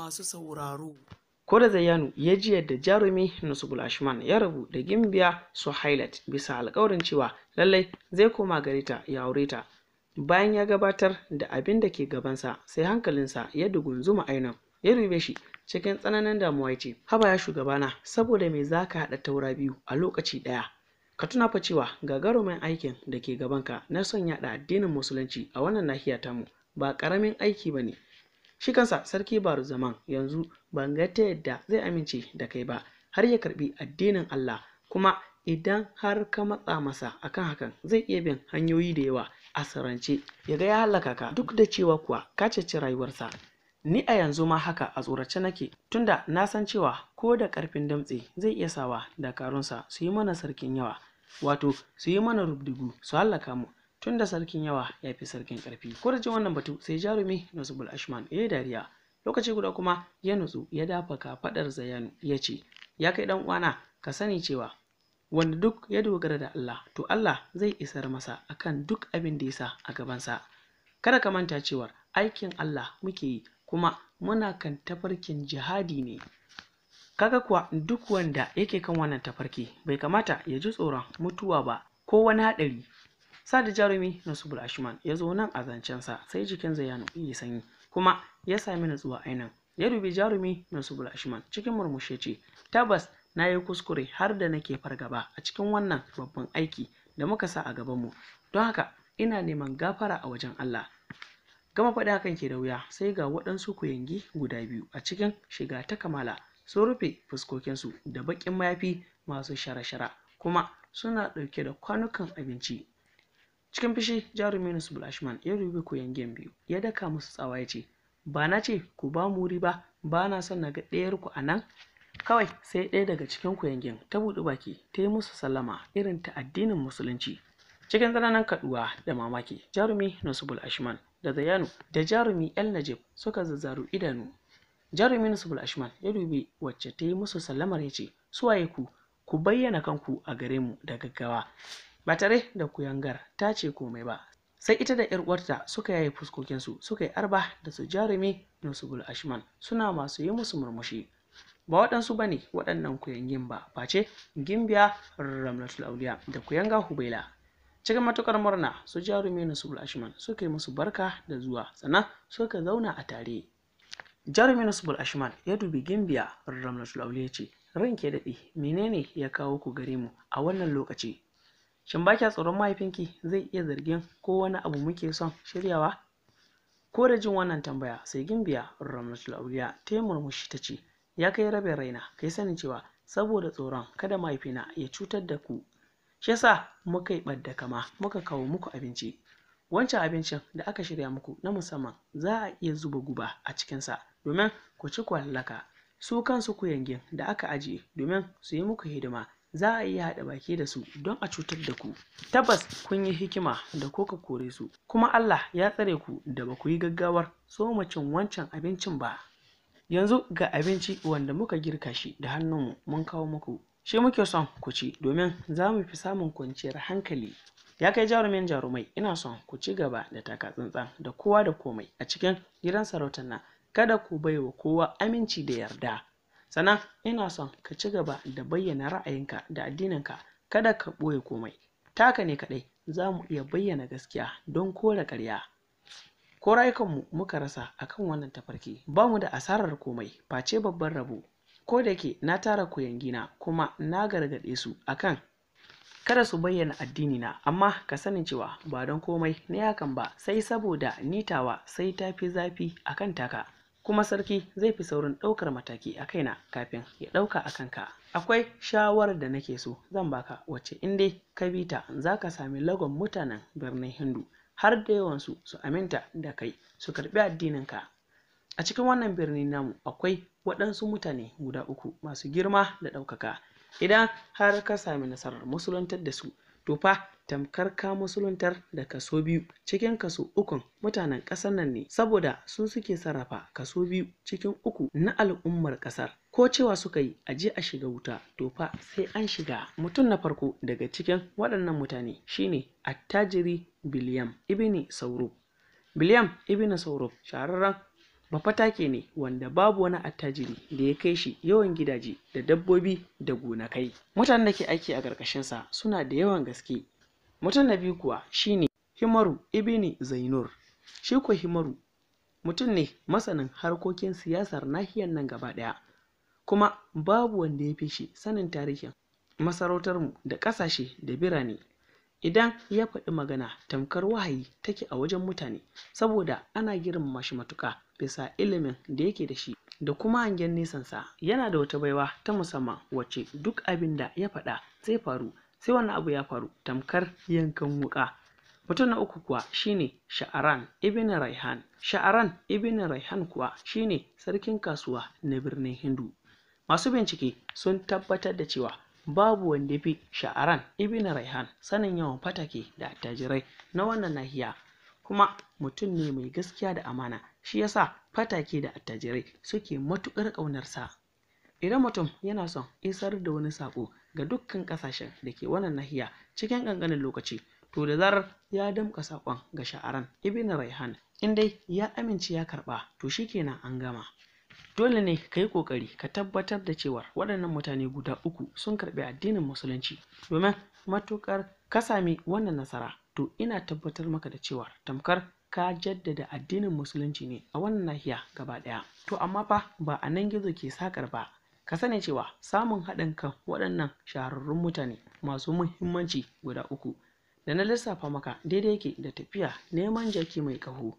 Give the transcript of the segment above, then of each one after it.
masu sauraro. Ko da Zayyanu ya ji yadda jarumi Nusubul Ashman ya rabu da Gimbiya su highlight bisa alkawarin cewa lallai zai koma gare ta ya aure ta. Bayan ya gabatar da abin da ke gabansa sai hankalinsa ya dugunzuma ainihin ya rube shi cikin tsananin damuwa ce haba ya shugabana saboda me za ka haɗa taura biyu a lokaci ɗaya ka tuna fa cewa gagarumin aikin da ke gabanka na son yaɗa addinin musulunci a wannan nahiya tamu ba ƙaramin aiki ba ne shi kansa sarki baru zaman yanzu ban ga ta yadda zai amince da kai ba har ya karbi addinin Allah kuma idan har ka matsa masa akan hakan zai iya bin hanyoyi da yawa a sarance ya ga ya halaka ka duk da cewa kuwa ka ceci rayuwarsa ni a yanzu ma haka a tsorace nake tunda na san cewa ko da karfin damtse zai iya sawa dakarunsa su yi mana sarkin yawa wato su yi mana rubdugu su hallaka mu tunda sarkin yawa ya fi sarkin ƙarfi ko da jin wannan batu sai jarumi nasubul ashman ya dariya lokaci guda kuma ya nutsu ya dafa kafaɗar zayanu ya ce ya kai ɗan uwana ka sani cewa wanda duk ya dogara da Allah to Allah zai isar masa akan duk abin da ya sa a gabansa kada ka manta cewa aikin Allah muke yi kuma muna kan tafarkin jihadi ne kaga kuwa duk wanda yake kan wannan tafarki bai kamata ya ji tsoron mutuwa ba ko wani haɗari sadi jarumi nusubul ashman ya zo nan a zancensa sai jikinsa ya nufi sanyi kuma ya sami nutsuwa ainihin ya dubi jarumi na nusubul ashman cikin murmushe ce tabbas na yi kuskure har da nake fargaba a cikin wannan babban aiki da muka sa a gabanmu don haka ina neman gafara a wajen Allah gama faɗi hakan ke da wuya sai ga waɗansu kuyangi guda biyu a cikin shiga ta kamala sun rufe fuskokinsu da baƙin mayafi masu shara-shara kuma suna ɗauke da kwanukan abinci cikin fishi jarumi bulashman ya rubi koyon game biyu ya daka musu tsawa ya ce ba na ce ku ba mu wuri ba ba na son na ga ɗayar ku a nan kawai sai ɗaya daga cikin game ta buɗe baki ta yi musu sallama irin ta addinin musulunci cikin zananan kaɗuwa da mamaki jarumi nasubul ashman da zayanu da jarumi el najib suka zazzaru idanu jarumi nasubul ashman ya dubi wacce ta yi musu sallamar ya ce suwaye ku ku bayyana kanku a gare mu da gaggawa ba tare da kuyangar ta ce komai ba sai ita da yar uwarta suka yaye fuskokinsu suka yi arba da su jarumi gul ashman suna masu yi musu murmushi ba waɗansu ba ne waɗannan kuyangin ba face gimbiya ramlatul auliya da kuyanga hubaila cikin matukar murna su jarumi gul ashman suka yi musu barka da zuwa sannan suka zauna a tare jarumi na nusubul ashman ya dubi gimbiya ramlatul auliya ce ranke daɗi menene ya kawo ku gare mu a wannan lokaci shin ba kya tsoron mahaifinki zai iya zargin ko wani abu muke son shiryawa ko da jin wannan tambaya sai gimbiya ramlatul auliya ta yi murmushi ta ce ya kai rabin raina ka yi sani cewa saboda tsoron kada mahaifina ya cutar da ku shi yasa muka yi ɓadda kama muka kawo muku abinci wancan abincin da aka shirya muku na musamman za a iya zuba guba a cikinsa domin ku ci ku hallaka su kansu ku yangin da aka ajiye domin su yi muku hidima za a iya haɗa baki da su don a cutar da ku tabbas kun yi hikima da ko ka kore su kuma Allah ya tsare ku da ba ku yi gaggawar so macin wancan abincin ba yanzu ga abinci wanda muka girka shi da hannunmu mun kawo muku shi muke son ku ci domin za mu fi samun kwanciyar hankali ya kai jarumin jarumai ina son ku ci gaba da taka tsantsan da kowa da komai a cikin gidan sarautar nan kada ku baiwa kowa aminci da yarda sannan ina son ka ci gaba da bayyana ra'ayinka da addininka kada ka ɓoye komai taka ne kaɗai za mu iya bayyana gaskiya don kore ƙarya ko rayukanmu muka rasa akan wannan tafarki ba mu da asarar komai face babban rabo ko da ke na tara kuyangina kuma na gargaɗe su akan kada su bayyana addini na amma ka sanin cewa ba don komai na yakan ba sai saboda nitawa sai tafi zafi akan taka kuma sarki zai fi saurin ɗaukar mataki a kaina kafin ya ɗauka a kanka akwai shawarar da nake so zan baka wacce inda ka bi ta za ka sami lagon mutanen birnin hindu har da yawansu su aminta da kai su karɓi addininka a cikin wannan birnin namu akwai waɗansu mutane guda uku masu girma da ɗaukaka idan har ka sami nasarar musuluntar da su to fa tamkar ka musuluntar da kaso biyu cikin kaso ukun mutanen ƙasar nan ne saboda su suke sarrafa kaso biyu cikin uku na al'ummar ƙasar ko cewa suka yi a je a shiga wuta to fa sai an shiga mutum na farko daga cikin waɗannan mutane shine attajiri biliyam ibini sauro biliyam ibini sauro shahararren bafatake ne wanda babu wani attajiri da ya kai shi yawan gidaje da dabbobi da gonakai mutanen da ke aiki a ƙarƙashinsa suna da yawan gaske mutum na biyu kuwa shine himaru ibini zainur shi kuwa himaru mutum ne masanin harkokin siyasar nahiyar nan gaba ɗaya kuma babu wanda ya fi shi sanin tarihin masarautarmu da ƙasashe da birane idan ya faɗi magana tamkar wahayi take a wajen mutane saboda ana girmama shi matuƙa bisa ilimin da yake da shi da kuma hangen nesansa yana da wata baiwa ta musamman wacce duk abin da ya faɗa zai faru sai wannan abu ya faru tamkar yankan wuka mutum na uku kuwa shine sha'aran ibn raihan sha'aran ibn raihan kuwa shine sarkin kasuwa na birnin hindu masu bincike sun tabbatar da cewa babu wanda fi sha'aran ibn raihan sanin yawan fatake da attajirai na wannan nahiya kuma mutum ne mai gaskiya da amana shi yasa fatake da attajirai suke matukar ƙaunarsa idan mutum yana son isar da wani saƙo ga dukkan ƙasashen da ke wannan nahiya cikin ƙanƙanin lokaci to da zarar ya damƙa saƙon ga sha'aran ibn raihan in dai ya amince ya karɓa to shi kenan an gama dole ne ka yi ƙoƙari ka tabbatar da cewar waɗannan mutane guda uku sun karɓi addinin musulunci domin matuƙar ka sami wannan nasara to ina tabbatar maka da cewa tamkar ka jaddada addinin musulunci ne a wannan nahiya gaba ɗaya to amma fa ba a nan gizo ke saƙar ba ka sani cewa samun haɗin kan waɗannan shahararrun mutane masu muhimmanci guda uku da na lissafa maka daidai yake da tafiya neman jaki mai ƙaho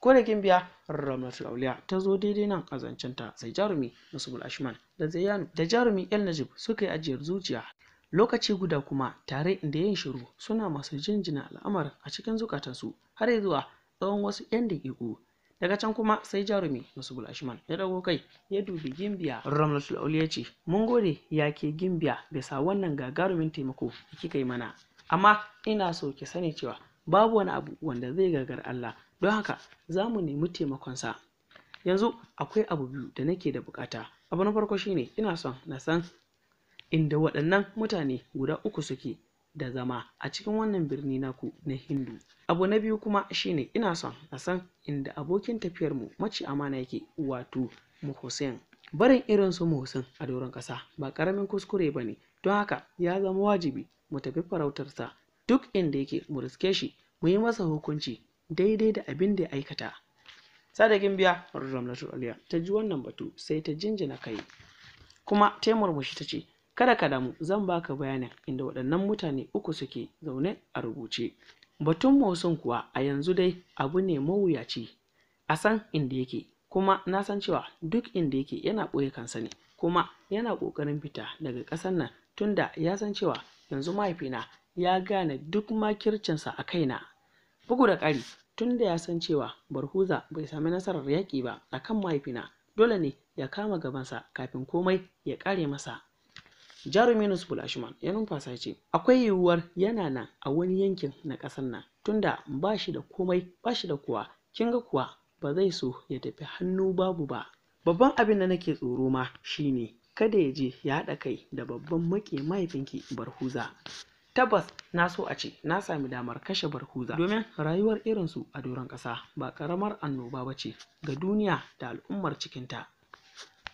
ko da kin biya ramlatul lauliya ta zo daidai nan a zancen ta, sai jarumi nasubul ashman da zayanu da jarumi el najib suka yi ajiyar zuciya lokaci guda kuma tare da yin shiru suna masu jinjina al'amarin a cikin zukatansu har zuwa tsawon wasu 'yan daƙiƙu daga can kuma sai jarumi musubul ashman ya dago kai ya dubi gimbiya ramlatul auliya ce mun gode ya ke gimbiya bisa wannan gagarumin taimako da kika yi mana amma ina so ki sani cewa babu wani abu wanda zai gagar Allah don haka za mu nemi taimakonsa yanzu akwai abu biyu da nake da bukata abu na farko shine ina son na san inda waɗannan mutane guda uku suke da zama a cikin wannan birni naku na hindu abu na biyu kuma shine ina son a san inda abokin tafiyarmu mu mace amana yake wato mu barin irin su muhsin a doron ƙasa ba ƙaramin kuskure ba ne don haka ya zama wajibi mu tafi farautarsa duk inda yake mu riske shi mu yi masa hukunci daidai da abin da ya aikata sadakin biya ramlatu aliya ta ji wannan batu sai ta jinjina kai kuma taimur shi ta ce kada ka damu zan baka bayanin inda waɗannan mutane uku suke zaune a rubuce batun motsin kuwa a yanzu dai abu ne mawuyaci a san inda yake kuma na san cewa duk inda yake yana ɓoye kansa ne kuma yana ƙoƙarin fita daga ƙasar nan tunda ya san cewa yanzu mahaifina ya gane duk makircinsa a kaina bugu da ƙari tunda ya san cewa barhuza bai sami nasarar yaƙi ba a kan mahaifina dole ne ya kama gabansa kafin komai ya ƙare masa jarumi nusbul ya numfasa ce akwai yiwuwar yana nan a wani yankin na ƙasar nan tunda ba shi da komai ba shi da kuwa kin ga kuwa ba zai so ya tafi hannu babu ba babban abin da nake tsoro ma shine kada ya je ya haɗa kai da babban maƙe mahaifinki barhuza tabbas na so a ce na sami damar kashe barhuza domin rayuwar irinsu a doron ƙasa ba ƙaramar annoba ba ce ga duniya da al'ummar cikinta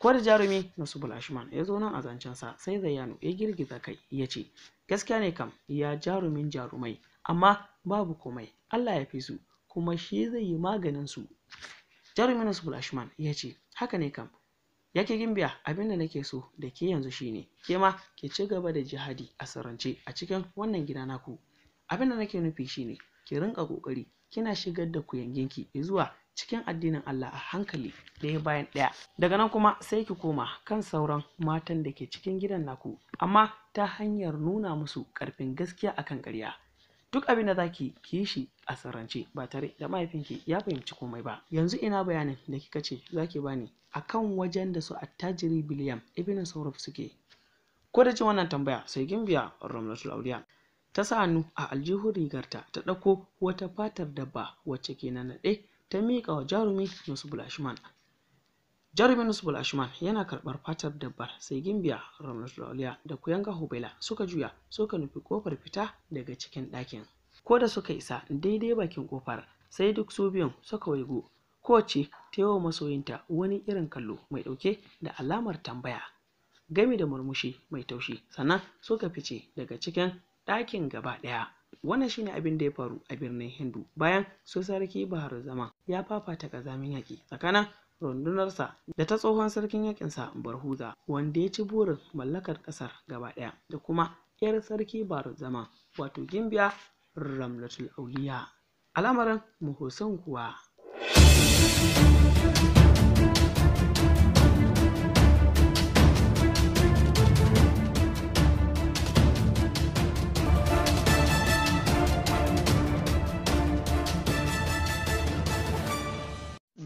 ko da jarumi nusubul ashman ya zo nan a zancen sa sai zayyano ya girgiza kai ya ce gaskiya ne kam ya jarumin jarumai amma babu komai allah ya fi su kuma shi zai yi maganin su jarumin nusubul ashman ya ce haka ne kam yake gimbiya abin da nake so da ke yanzu shine ke ma ke ci gaba da jihadi a sarance a cikin wannan gida naku abin da nake nufi shine ki rinka kokari kina shigar da kuyanginki zuwa cikin addinin Allah a hankali ɗaya bayan ɗaya daga nan kuma sai ki koma kan sauran matan da ke cikin gidan naku amma ta hanyar nuna musu ƙarfin gaskiya a kan karya. duk abin da zaki ki shi a sirrance ba tare da mahaifinki ya fahimci komai ba yanzu ina bayanin da kika ce za ki bani a kan wajen da su attajiri biliyan ibn sauraf suke ko da cin wannan tambaya sai gimbiya ramlatul auliya ta sa hannu a aljihun rigarta ta ɗauko wata fatar dabba wacce ke nanaɗe ta miƙa wa jarumi nusbulashman jarumi nusbulashman bulashman yana karɓar fatar dabbar sai Gimbiya Ramnatulaliya da Kuyanga Hubaila suka juya suka nufi kofar fita daga cikin ɗakin. Ko da suka isa daidai bakin kofar sai duk su biyun suka waigo kowace ta yi wa masoyinta wani irin kallo mai ɗauke da alamar tambaya gami da murmushi mai taushi sannan suka fice daga cikin ɗakin gaba ɗaya. wannan shine abin da ya faru a birnin hindu bayan su sarki bahar zama ya fafata kazamin yaƙi tsakanin rundunarsa da ta tsohon sarkin yaƙinsa barhuza wanda ya ci burin mallakar ƙasar gaba ɗaya da kuma 'yar sarki bahar zama wato gimbiya ramlatul auliya al'amarin muhusin kuwa